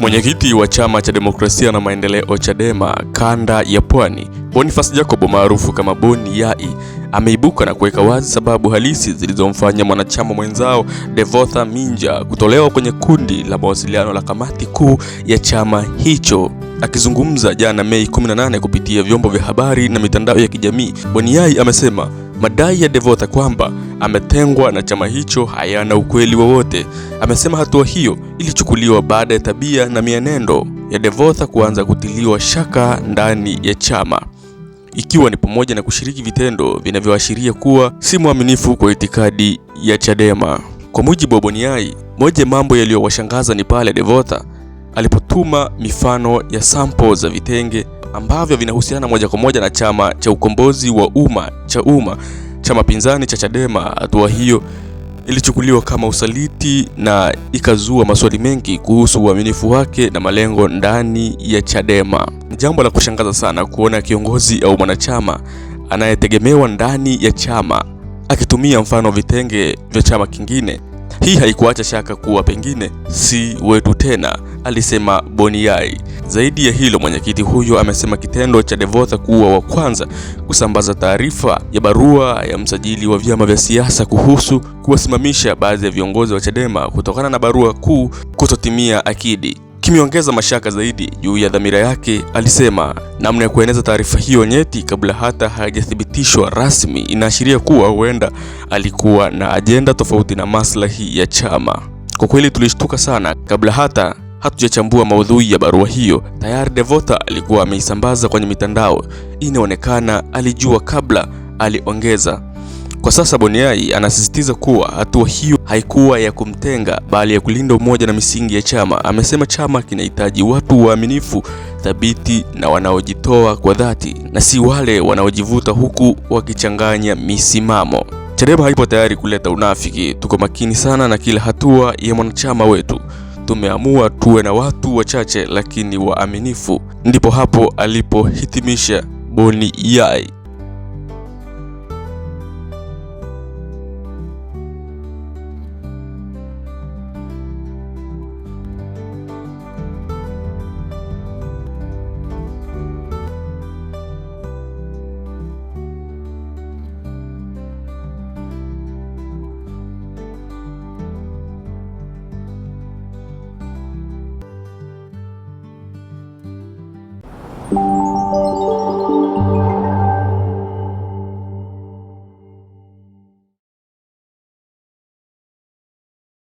Mwenyekiti wa chama cha demokrasia na maendeleo Chadema kanda ya Pwani, Boniface Jacob maarufu kama Boni Yai ameibuka na kuweka wazi sababu halisi zilizomfanya mwanachama mwenzao Devotha Minja kutolewa kwenye kundi la mawasiliano la kamati kuu ya chama hicho. Akizungumza jana Mei 18 kupitia vyombo vya habari na mitandao ya kijamii, Boni Yai amesema Madai ya Devotha kwamba ametengwa na chama hicho hayana ukweli wowote. Amesema hatua hiyo ilichukuliwa baada ya tabia na mienendo ya Devotha kuanza kutiliwa shaka ndani ya chama, ikiwa ni pamoja na kushiriki vitendo vinavyoashiria kuwa si mwaminifu kwa itikadi ya Chadema. Kwa mujibu wa Boniai, moja mambo yaliyowashangaza ni pale Devotha alipotuma mifano ya sampo za vitenge ambavyo vinahusiana moja kwa moja na chama cha ukombozi wa umma cha umma cha mapinzani cha Chadema. Hatua hiyo ilichukuliwa kama usaliti na ikazua maswali mengi kuhusu uaminifu wake na malengo ndani ya Chadema. Ni jambo la kushangaza sana kuona kiongozi au mwanachama anayetegemewa ndani ya chama akitumia mfano vitenge vya chama kingine. Hii haikuacha shaka kuwa pengine si wetu tena, alisema Boniai. Zaidi ya hilo, mwenyekiti huyo amesema kitendo cha Devotha kuwa wa kwanza kusambaza taarifa ya barua ya msajili wa vyama vya siasa kuhusu kuwasimamisha baadhi ya viongozi wa Chadema kutokana na barua kuu kutotimia akidi kimeongeza mashaka zaidi juu ya dhamira yake, alisema. Namna ya kueneza taarifa hiyo nyeti kabla hata hajathibitishwa rasmi inaashiria kuwa huenda alikuwa na ajenda tofauti na maslahi ya chama. Kwa kweli tulishtuka sana kabla hata Hatujachambua maudhui ya barua hiyo. Tayari devota alikuwa ameisambaza kwenye mitandao. Inaonekana alijua kabla, aliongeza. Kwa sasa Boniai anasisitiza kuwa hatua hiyo haikuwa ya kumtenga bali ya kulinda umoja na misingi ya chama. Amesema chama kinahitaji watu waaminifu, thabiti na wanaojitoa kwa dhati na si wale wanaojivuta huku wakichanganya misimamo. Chadema haipo tayari kuleta unafiki. Tuko makini sana na kila hatua ya mwanachama wetu tumeamua tuwe na watu wachache lakini waaminifu. Ndipo hapo alipohitimisha Boni Yai.